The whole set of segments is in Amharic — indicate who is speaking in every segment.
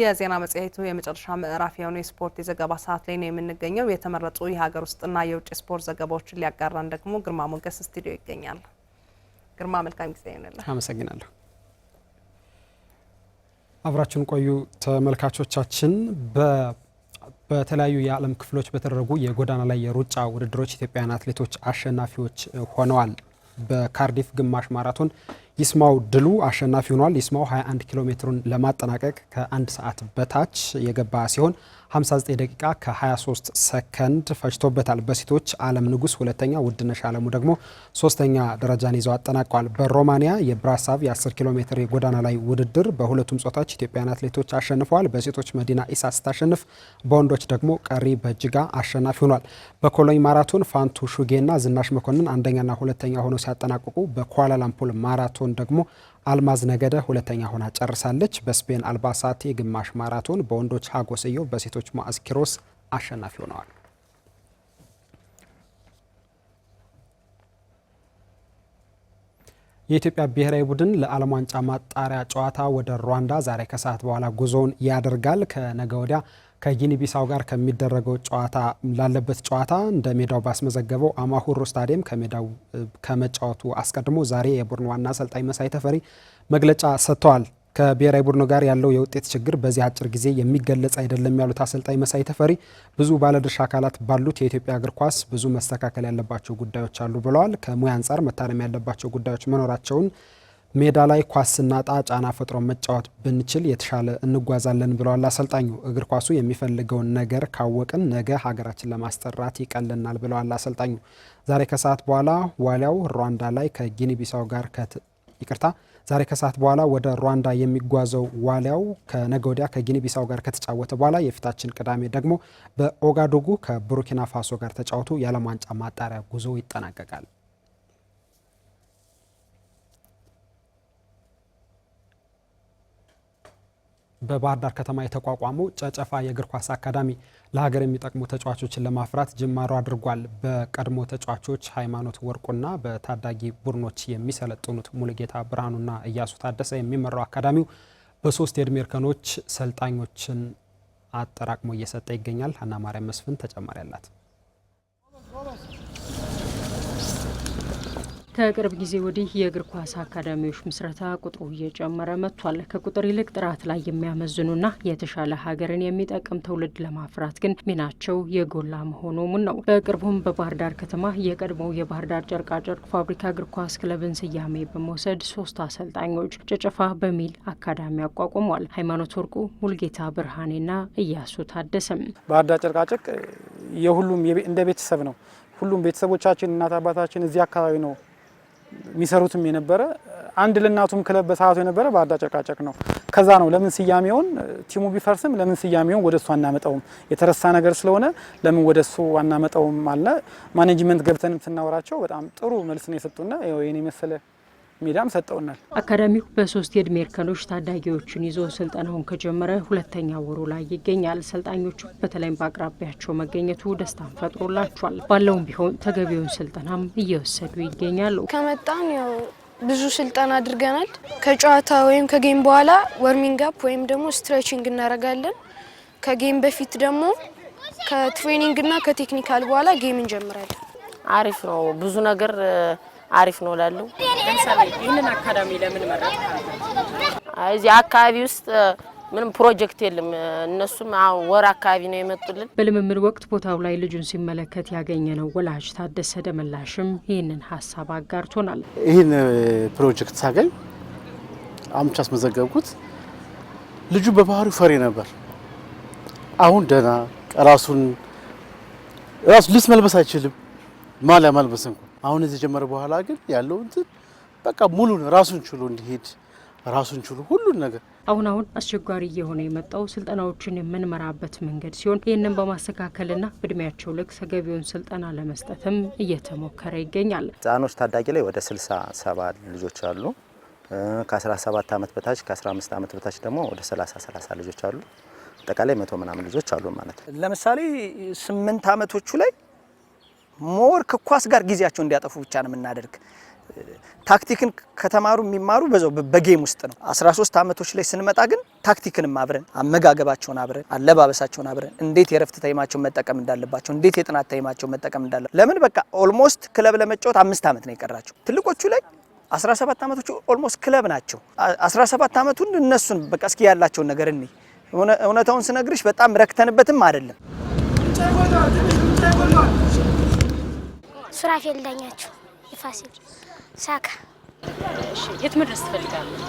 Speaker 1: የዜና መጽሔቱ የመጨረሻ ምዕራፍ የሆኑ የስፖርት የዘገባ ሰዓት ላይ ነው የምንገኘው። የተመረጡ የሀገር ውስጥና የውጭ ስፖርት ዘገባዎችን ሊያጋራን ደግሞ ግርማ ሞገስ ስቱዲዮ ይገኛል። ግርማ፣ መልካም ጊዜ ይሆንልን።
Speaker 2: አመሰግናለሁ። አብራችን ቆዩ ተመልካቾቻችን። በተለያዩ የዓለም ክፍሎች በተደረጉ የጎዳና ላይ የሩጫ ውድድሮች ኢትዮጵያውያን አትሌቶች አሸናፊዎች ሆነዋል። በካርዲፍ ግማሽ ማራቶን ይስማው ድሉ አሸናፊ ሆኗል። ይስማው 21 ኪሎ ሜትሩን ለማጠናቀቅ ከአንድ ሰዓት በታች የገባ ሲሆን 59 ደቂቃ ከ23 ሰከንድ ፈጅቶበታል። በሴቶች አለም ንጉስ ሁለተኛ፣ ውድነሽ አለሙ ደግሞ ሶስተኛ ደረጃን ይዘው አጠናቋል። በሮማንያ የብራሳቭ የ10 ኪሎ ሜትር የጎዳና ላይ ውድድር በሁለቱም ጾታዎች ኢትዮጵያውያን አትሌቶች አሸንፈዋል። በሴቶች መዲና ኢሳ ስታሸንፍ፣ በወንዶች ደግሞ ቀሪ በእጅጋ አሸናፊ ሆኗል። በኮሎኝ ማራቶን ፋንቱ ሹጌና ዝናሽ መኮንን አንደኛና ሁለተኛ ሆነው ሲያጠናቅቁ በኳላላምፖል ማራቶን ማራቶን ደግሞ አልማዝ ነገደ ሁለተኛ ሆና ጨርሳለች። በስፔን አልባሳቴ የግማሽ ማራቶን በወንዶች ሀጎስ እዮብ፣ በሴቶች ማዕዝ ኪሮስ አሸናፊ ሆነዋል። የኢትዮጵያ ብሔራዊ ቡድን ለዓለም ዋንጫ ማጣሪያ ጨዋታ ወደ ሩዋንዳ ዛሬ ከሰዓት በኋላ ጉዞውን ያደርጋል። ከነገ ወዲያ ከጊኒቢሳው ጋር ከሚደረገው ጨዋታ ላለበት ጨዋታ እንደ ሜዳው ባስመዘገበው አማሁሮ ስታዲየም ከሜዳው ከመጫወቱ አስቀድሞ ዛሬ የቡድን ዋና አሰልጣኝ መሳይ ተፈሪ መግለጫ ሰጥተዋል። ከብሔራዊ ቡድኑ ጋር ያለው የውጤት ችግር በዚህ አጭር ጊዜ የሚገለጽ አይደለም ያሉት አሰልጣኝ መሳይ ተፈሪ ብዙ ባለድርሻ አካላት ባሉት የኢትዮጵያ እግር ኳስ ብዙ መስተካከል ያለባቸው ጉዳዮች አሉ ብለዋል። ከሙያ አንጻር መታረም ያለባቸው ጉዳዮች መኖራቸውን ሜዳ ላይ ኳስ ስናጣ ጫና ፈጥሮ መጫወት ብንችል የተሻለ እንጓዛለን ብለዋል አሰልጣኙ። እግር ኳሱ የሚፈልገውን ነገር ካወቅን ነገ ሀገራችን ለማስጠራት ይቀልናል ብለዋል አሰልጣኙ። ዛሬ ከሰዓት በኋላ ዋሊያው ሩዋንዳ ላይ ከጊኒቢሳው ጋር ይቅርታ፣ ዛሬ ከሰዓት በኋላ ወደ ሩዋንዳ የሚጓዘው ዋሊያው ከነገ ወዲያ ጋር ከተጫወተ በኋላ የፊታችን ቅዳሜ ደግሞ በኦጋዶጉ ከቡርኪና ፋሶ ጋር ተጫውቶ የዓለም ዋንጫ ማጣሪያ ጉዞ ይጠናቀቃል። በባህር ዳር ከተማ የተቋቋመው ጨጨፋ የእግር ኳስ አካዳሚ ለሀገር የሚጠቅሙ ተጫዋቾችን ለማፍራት ጅማሮ አድርጓል። በቀድሞ ተጫዋቾች ሃይማኖት ወርቁና በታዳጊ ቡድኖች የሚሰለጥኑት ሙሉጌታ ብርሃኑና እያሱ ታደሰ የሚመራው አካዳሚው በሶስት የእድሜ እርከኖች ሰልጣኞችን አጠራቅሞ እየሰጠ ይገኛል። ሀና ማርያም መስፍን ተጨማሪ አላት።
Speaker 3: ከቅርብ ጊዜ ወዲህ የእግር ኳስ አካዳሚዎች ምስረታ ቁጥሩ እየጨመረ መጥቷል። ከቁጥር ይልቅ ጥራት ላይ የሚያመዝኑና የተሻለ ሀገርን የሚጠቅም ትውልድ ለማፍራት ግን ሚናቸው የጎላ መሆኑም ነው። በቅርቡም በባህር ዳር ከተማ የቀድሞው የባህር ዳር ጨርቃጨርቅ ፋብሪካ እግር ኳስ ክለብን ስያሜ በመውሰድ ሶስት አሰልጣኞች ጨጨፋ በሚል አካዳሚ አቋቁሟል። ሃይማኖት ወርቁ፣ ሙልጌታ ብርሃኔና እያሱ ታደሰም።
Speaker 4: ባህር ዳር ጨርቃጨርቅ የሁሉም እንደ ቤተሰብ ነው። ሁሉም ቤተሰቦቻችን እናት አባታችን እዚህ አካባቢ ነው የሚሰሩትም የነበረ አንድ ለእናቱም ክለብ በሰዓቱ የነበረ ባህርዳር ጨቃጨቅ ነው። ከዛ ነው ለምን ስያሜውን ቲሙ ቢፈርስም ለምን ስያሜውን ወደ እሱ አናመጣውም የተረሳ ነገር ስለሆነ ለምን ወደ እሱ አናመጣውም አለ። ማኔጅመንት ገብተንም ስናወራቸው በጣም ጥሩ መልስ ነው የሰጡና ይህን የመሰለ ሜዳም ሰጠውናል።
Speaker 3: አካዳሚው በሶስት የእድሜ እርከኖች ታዳጊዎችን ይዞ ስልጠናውን ከጀመረ ሁለተኛ ወሩ ላይ ይገኛል። ሰልጣኞቹ በተለይም በአቅራቢያቸው መገኘቱ ደስታን ፈጥሮላቸዋል። ባለውም ቢሆን ተገቢውን ስልጠናም እየወሰዱ ይገኛሉ።
Speaker 5: ከመጣን ያው ብዙ ስልጠና አድርገናል። ከጨዋታ ወይም ከጌም በኋላ ወርሚንግ አፕ ወይም ደግሞ ስትሬችንግ እናደርጋለን። ከጌም በፊት ደግሞ ከትሬኒንግ ከቴክኒካል በኋላ ጌም እንጀምራለን።
Speaker 6: አሪፍ ነው። ብዙ ነገር አሪፍ ነው
Speaker 7: እላለሁ። ይህንን አካዳሚ ለምን መረጥ?
Speaker 6: እዚህ አካባቢ ውስጥ ምንም ፕሮጀክት የለም። እነሱም ወር አካባቢ ነው
Speaker 3: የመጡልን። በልምምድ ወቅት ቦታው ላይ ልጁን ሲመለከት ያገኘ ነው ወላጅ ታደሰ ደመላሽም ይህንን ሀሳብ አጋርቶናል።
Speaker 8: ይህን ፕሮጀክት ሳገኝ አምቻ አስመዘገብኩት። ልጁ በባህሪው ፈሪ ነበር። አሁን ደህና ራሱን ራሱ ልብስ መልበስ አይችልም። ማሊያ ማልበስ እንኳ አሁን እዚህ ጀመረ በኋላ ግን ያለው እንትን በቃ ሙሉ ነው ራሱን ችሎ እንዲሄድ ራሱን ችሎ ሁሉን ነገር
Speaker 3: አሁን አሁን አስቸጋሪ እየሆነ የመጣው ስልጠናዎችን የምንመራበት መንገድ ሲሆን ይህንን በማስተካከልና በእድሜያቸው ልክ ተገቢውን ስልጠና ለመስጠትም እየተሞከረ ይገኛል።
Speaker 9: ህጻኖች ታዳጊ ላይ ወደ ስልሳ ሰባ ልጆች አሉ። ከ17 ዓመት በታች ከ15 ዓመት በታች ደግሞ ወደ 30 30 ልጆች አሉ። አጠቃላይ መቶ ምናምን ልጆች አሉ
Speaker 10: ማለት ነው። ለምሳሌ ስምንት ዓመቶቹ ላይ ሞር ከኳስ ጋር ጊዜያቸው እንዲያጠፉ ብቻ ነው የምናደርግ። ታክቲክን ከተማሩ የሚማሩ በዛው በጌም ውስጥ ነው። 13 ዓመቶች ላይ ስንመጣ ግን ታክቲክንም አብረን አመጋገባቸውን አብረን አለባበሳቸውን አብረን እንዴት የረፍት ታይማቸውን መጠቀም እንዳለባቸው እንዴት የጥናት ታይማቸውን መጠቀም እንዳለ ለምን በቃ ኦልሞስት ክለብ ለመጫወት አምስት ዓመት ነው የቀራቸው ትልቆቹ ላይ 17 ዓመቶቹ ኦልሞስት ክለብ ናቸው። 17 ዓመቱን እነሱን በቃ እስኪ ያላቸውን ነገር እኔ እውነታውን ስነግርሽ በጣም ረክተንበትም አይደለም
Speaker 11: ሱራፌል ዳኛቸው የፋሲል ሳካ። የት መድረስ ትፈልጋለህ?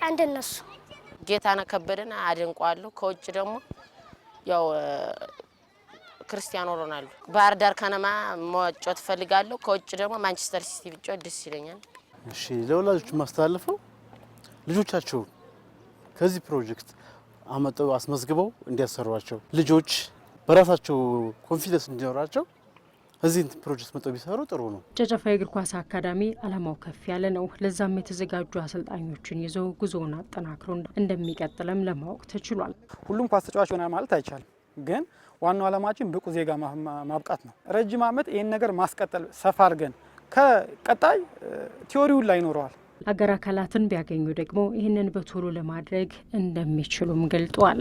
Speaker 11: ቀንድ እነሱ
Speaker 6: ጌታነ ከበደን አደንቋለሁ። ከውጭ ደግሞ ያው ክርስቲያኖ ሮናልዶ፣ ባህር ዳር ከነማ መጫወት እፈልጋለሁ። ከውጭ ደግሞ ማንቸስተር ሲቲ ብጫወት ደስ ይለኛል።
Speaker 8: እሺ፣ ለወላጆች ማስተላለፈው ልጆቻቸው ከዚህ ፕሮጀክት አመጠው አስመዝግበው እንዲያሰሯቸው ልጆች በራሳቸው ኮንፊደንስ እንዲኖራቸው እዚህ ፕሮጀክት መጥተው ቢሰሩ
Speaker 3: ጥሩ ነው። ጨጨፋ የእግር ኳስ አካዳሚ አላማው ከፍ ያለ ነው። ለዛም የተዘጋጁ አሰልጣኞችን ይዘው ጉዞውን አጠናክሮ እንደሚቀጥልም ለማወቅ ተችሏል።
Speaker 4: ሁሉም ኳስ ተጫዋች ይሆናል ማለት አይቻልም፣ ግን ዋናው አላማችን ብቁ ዜጋ ማብቃት ነው። ረጅም ዓመት ይህን ነገር ማስቀጠል ሰፋ አድርገን ከቀጣይ ቲዎሪውን ላይ ይኖረዋል።
Speaker 3: አገር አካላትን ቢያገኙ ደግሞ ይህንን በቶሎ ለማድረግ እንደሚችሉም ገልጧል።